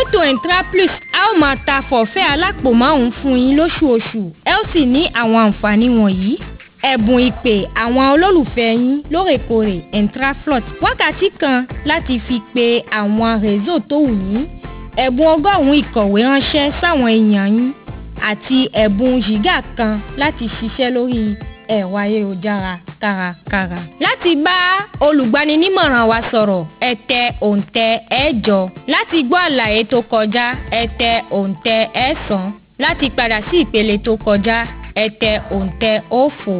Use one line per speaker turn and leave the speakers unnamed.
Elétò Intraplus a ó máa ta fọ̀fẹ́ alápò márùn-ún fún yín lóṣooṣù ẹ ó sì ní àwọn àǹfààní wọ̀nyí ẹ̀bùn ìpè àwọn olólùfẹ́ yín lóòrèkóòrè Intraflot wákàtí kan láti fi pe àwọn rézò tó wù yín ẹ̀bùn ọgọ́rùn-ún ìkọ̀wé ránṣẹ́ sáwọn èèyàn yín àti ẹ̀bùn gíga kan láti ṣiṣẹ́ lórí ẹ̀rọ ayélujára kárakára. láti bá olùgbaninímọ̀ràn wa sọ̀rọ̀ ẹ tẹ òǹtẹ̀ ẹ̀jọ láti gbọ́ àlàyé tó kọjá ẹ tẹ òǹtẹ̀ ẹ̀sán láti padà sí ìpele tó kọjá ẹ tẹ òǹtẹ̀ òfo.